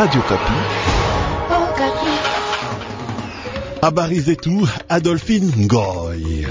Radio Kapi. Habari tout, Adolphine Goy.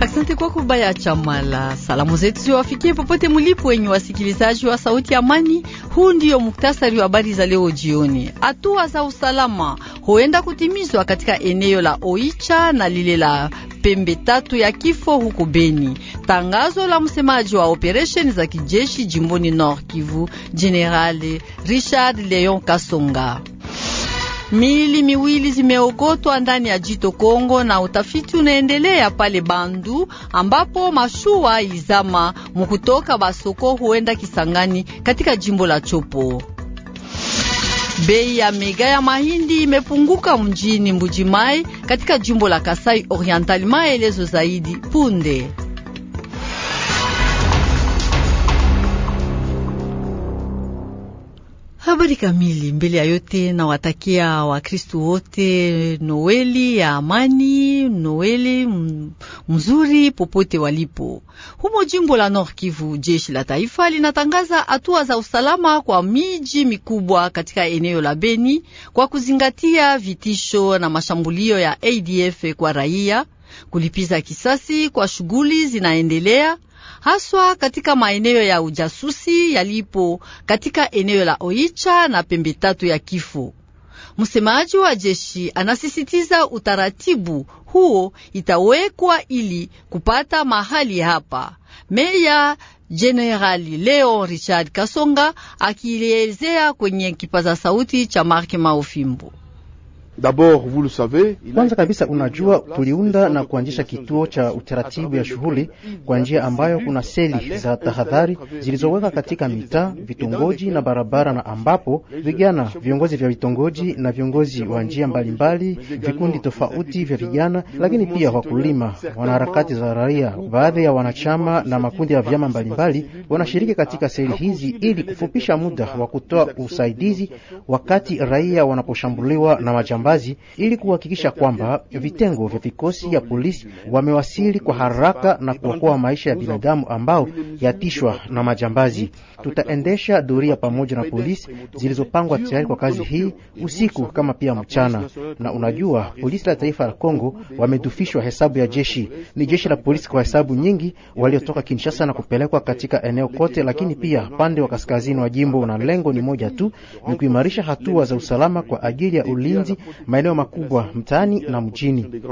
Asante kwa kubaya chamala. Salamu zetu ziwafikie popote mulipo, wenye wasikilizaji wa sauti ya amani. Huu ndiyo muktasari wa habari za leo jioni. Hatua za usalama huenda kutimizwa katika eneo la Oicha na lile la pembe tatu ya kifo huko Beni. Tangazo la msemaji wa operesheni za kijeshi jimboni Nord Kivu, General Richard Leon Kasonga. Miili miwili zimeogotwa ndani ya jito Kongo, na utafiti unaendelea pale Bandu ambapo mashua izama mukutoka Basoko huenda Kisangani katika jimbo la Chopo. Bei ya mega ya mahindi imepunguka mjini Mbujimai katika jimbo la Kasai Oriental. Maelezo zaidi punde. Habari kamili. Mbele ya yote, nawatakia Wakristu wote Noeli ya amani, Noeli mzuri popote walipo. Humo jimbo la Nord Kivu, jeshi la taifa linatangaza hatua za usalama kwa miji mikubwa katika eneo la Beni kwa kuzingatia vitisho na mashambulio ya ADF kwa raia, kulipiza kisasi kwa shughuli zinaendelea haswa katika maeneo ya ujasusi yalipo katika eneo la Oicha na pembe tatu ya kifo. Msemaji wa jeshi anasisitiza utaratibu huo itawekwa ili kupata mahali hapa. Meya Jenerali Leon Richard Kasonga akielezea kwenye kipaza sauti cha Mark Maofimbo. Kwanza kabisa, unajua tuliunda na kuanzisha kituo cha utaratibu ya shughuli kwa njia ambayo kuna seli za tahadhari zilizoweka katika mitaa, vitongoji na barabara, na ambapo vijana, viongozi vya vitongoji na viongozi wa njia mbalimbali, vikundi tofauti vya vijana, lakini pia wakulima, wanaharakati za raia, baadhi ya wanachama na makundi ya vyama mbalimbali wanashiriki katika seli hizi ili kufupisha muda wa kutoa usaidizi wakati raia wanaposhambuliwa na majambazi ujambazi ili kuhakikisha kwamba vitengo vya vikosi ya polisi wamewasili kwa haraka na kuokoa maisha ya binadamu ambao yatishwa na majambazi. Tutaendesha doria pamoja na polisi zilizopangwa tayari kwa kazi hii usiku kama pia mchana. Na unajua polisi la taifa la Kongo wamedufishwa hesabu ya jeshi, ni jeshi la polisi kwa hesabu nyingi waliotoka Kinshasa na kupelekwa katika eneo kote, lakini pia pande wa kaskazini wa jimbo, na lengo ni moja tu, ni kuimarisha hatua za usalama kwa ajili ya ulinzi maeneo makubwa mtaani na mjini.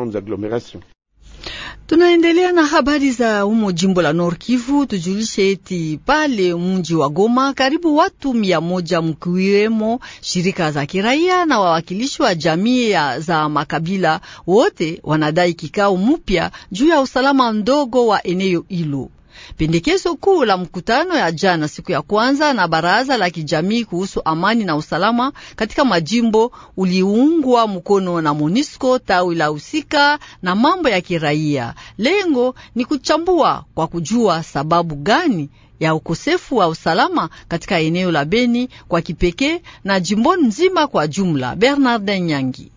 Tunaendelea na habari za umo jimbo la Nord Kivu. Tujulishe eti pale mji wa Goma karibu watu mia moja mkiwemo shirika za kiraia na wawakilishi wa jamii za makabila wote wanadai kikao mpya juu ya usalama mdogo wa eneo hilo. Pendekezo kuu la mkutano ya jana siku ya kwanza na baraza la kijamii kuhusu amani na usalama katika majimbo uliungwa mkono na MONUSCO tawi la husika na mambo ya kiraia. Lengo ni kuchambua kwa kujua sababu gani ya ukosefu wa usalama katika eneo la Beni kwa kipekee na jimboni nzima kwa jumla. Bernard Nyangi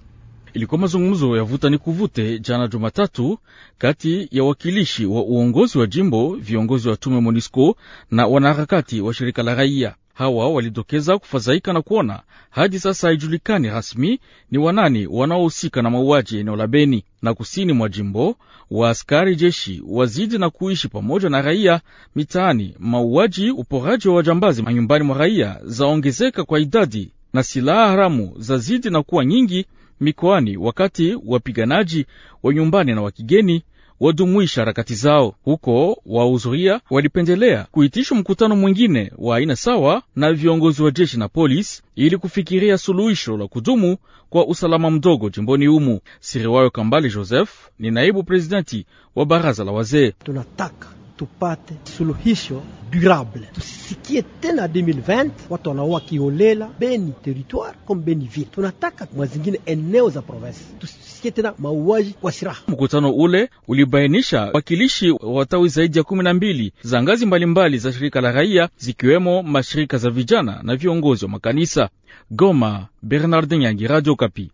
ilikuwa mazungumzo ya vuta ni kuvute jana Jumatatu, kati ya wakilishi wa uongozi wa jimbo, viongozi wa tume MONUSCO na wanaharakati wa shirika la raia. Hawa walidokeza kufadhaika na kuona hadi sasa haijulikani rasmi ni wanani wanaohusika na mauaji eneo la Beni na kusini mwa jimbo. Wa askari jeshi wazidi na kuishi pamoja na raia mitaani. Mauaji, uporaji wa wajambazi manyumbani mwa raia zaongezeka kwa idadi na silaha haramu za zidi na kuwa nyingi mikoani, wakati wapiganaji wa nyumbani na wa kigeni wajumuisha harakati zao huko. Wahudhuria walipendelea kuitisha mkutano mwingine wa aina sawa na viongozi wa jeshi na polisi ili kufikiria suluhisho la kudumu kwa usalama mdogo jimboni humu. Siriwayo Kambale Joseph ni naibu presidenti wa baraza la wazee. tunataka tupate suluhisho durable, tusisikie tena 2020 watu wanaoa kiolela Beni territoire comme Beni ville. Tunataka mwazingine eneo za province tusisikie tena mauaji kwa silaha. Mkutano ule ulibainisha wakilishi wa tawi zaidi ya kumi na mbili za ngazi mbalimbali za shirika la raia zikiwemo mashirika za vijana na viongozi wa makanisa. Goma, Bernardin Yangi, Radio Kapi.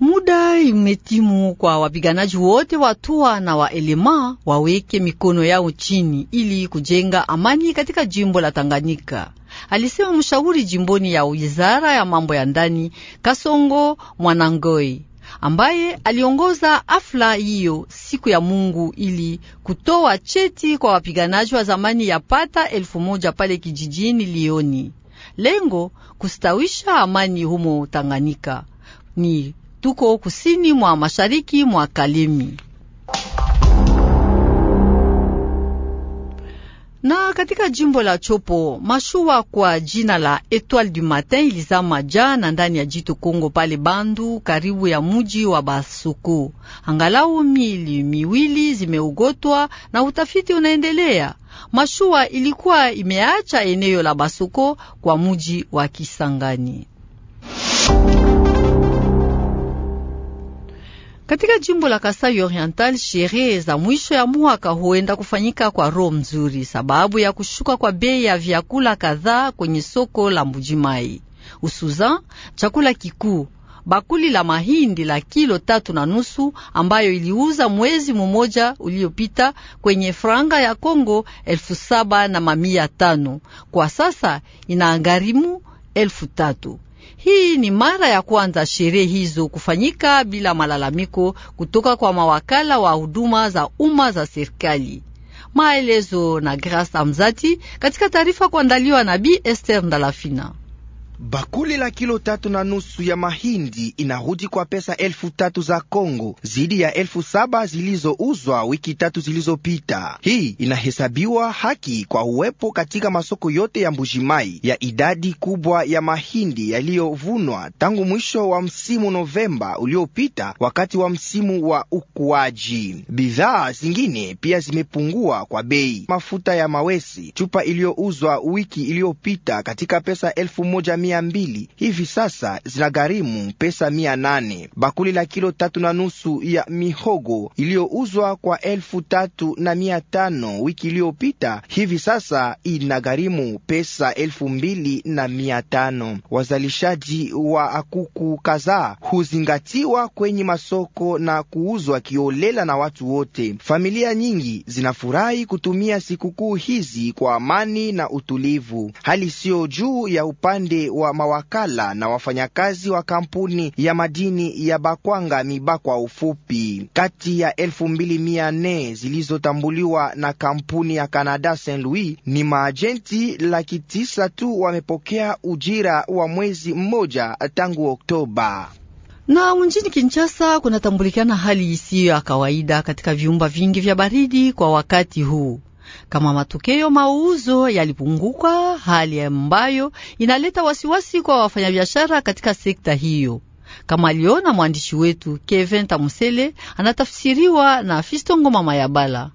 Muda imetimu kwa wapiganaji wote watua na waelema waweke mikono yao chini ili kujenga amani katika jimbo la Tanganyika, alisema mshauri jimboni ya wizara ya mambo ya ndani Kasongo Mwanangoi ambaye aliongoza afla hiyo siku ya Mungu ili kutoa cheti kwa wapiganaji wa zamani ya pata elfu moja pale kijijini Lioni. Lengo kustawisha amani humo Tanganyika ni tuko kusini mwa mashariki mwa Kalemi. Na katika jimbo la Chopo, mashua kwa jina la Etoile du Matin ilizama jana ndani ya jito Kongo pale Bandu, karibu ya muji wa Basuku. Angalau mili miwili zimeugotwa na utafiti unaendelea. Mashua ilikuwa imeacha eneo la Basuko kwa muji wa Kisangani. Katika jimbo la Kasai Oriental, sherehe za mwisho ya mwaka huenda kufanyika kwa roho mzuri sababu ya kushuka kwa bei ya vyakula kadhaa kwenye soko la Mbujimai, Usuza chakula kikuu bakuli la mahindi la kilo tatu na nusu ambayo iliuza mwezi mmoja uliopita kwenye franga ya Kongo elfu saba na mamia tano kwa sasa inaangarimu elfu tatu. Hii ni mara ya kwanza sherehe hizo kufanyika bila malalamiko kutoka kwa mawakala wa huduma za umma za serikali. Maelezo na Grace Amzati katika taarifa kuandaliwa na Bi Esther Ndalafina. Bakuli la kilo tatu na nusu ya mahindi inarudi kwa pesa elfu tatu za Kongo zidi ya elfu saba zilizouzwa wiki tatu zilizopita. Hii inahesabiwa haki kwa uwepo katika masoko yote ya Mbujimai ya idadi kubwa ya mahindi yaliyovunwa tangu mwisho wa msimu Novemba uliopita, wakati wa msimu wa ukuaji. Bidhaa zingine pia zimepungua kwa bei. Mafuta ya mawesi chupa iliyouzwa wiki iliyopita katika pesa elfu moja mia mbili hivi sasa zinagharimu pesa mia nane. Bakuli la kilo tatu na nusu ya mihogo iliyouzwa kwa elfu tatu na mia tano wiki iliyopita hivi sasa inagharimu pesa elfu mbili na mia tano. Wazalishaji wa akuku kadhaa huzingatiwa kwenye masoko na kuuzwa kiolela na watu wote. Familia nyingi zinafurahi kutumia sikukuu hizi kwa amani na utulivu. Hali siyo juu ya upande wa mawakala na wafanyakazi wa kampuni ya madini ya Bakwanga miba kwa ufupi, kati ya elfu 2400 zilizotambuliwa na kampuni ya Canada Saint Louis, ni maajenti laki tisa tu wamepokea ujira wa mwezi mmoja tangu Oktoba na mjini Kinshasa kunatambulikana hali isiyo ya kawaida katika vyumba vingi vya baridi kwa wakati huu. Kama matokeo mauzo yalipunguka, hali ambayo inaleta wasiwasi kwa wafanyabiashara katika sekta hiyo, kama aliona mwandishi wetu Kevin Tamusele, anatafsiriwa na Fistongo Mama Yabala.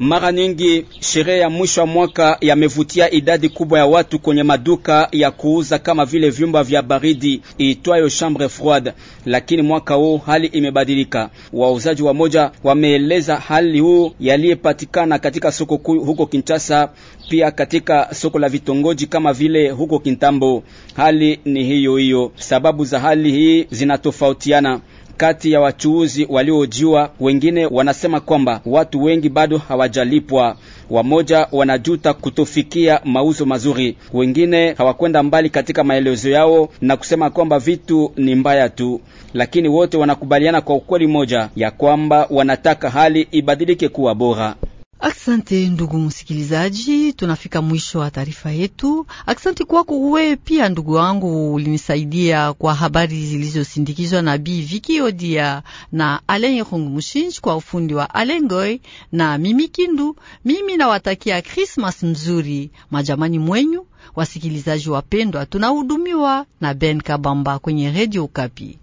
Mara nyingi sherehe ya mwisho wa mwaka yamevutia idadi kubwa ya watu kwenye maduka ya kuuza kama vile vyumba vya baridi iitwayo chambre froide, lakini mwaka huu hali imebadilika. Wauzaji wa moja wameeleza hali huu yaliyepatikana katika soko kuu huko Kinshasa, pia katika soko la vitongoji kama vile huko Kintambo. Hali ni hiyo hiyo, sababu za hali hii zinatofautiana. Kati ya wachuuzi waliojiwa wengine wanasema kwamba watu wengi bado hawajalipwa. Wamoja wanajuta kutofikia mauzo mazuri, wengine hawakwenda mbali katika maelezo yao na kusema kwamba vitu ni mbaya tu, lakini wote wanakubaliana kwa ukweli moja ya kwamba wanataka hali ibadilike kuwa bora. Aksante ndugu msikilizaji, tunafika mwisho wa taarifa yetu. Aksante kwako uwe pia ndugu wangu, ulinisaidia kwa habari zilizosindikizwa na Bi Viki Odia na Alen rung Mushinji kwa ufundi wa Alengoy na mimi Kindu. Mimi nawatakia Krismas mzuri majamani mwenyu, wasikilizaji wapendwa. Tunahudumiwa na Ben Kabamba kwenye Redio Ukapi.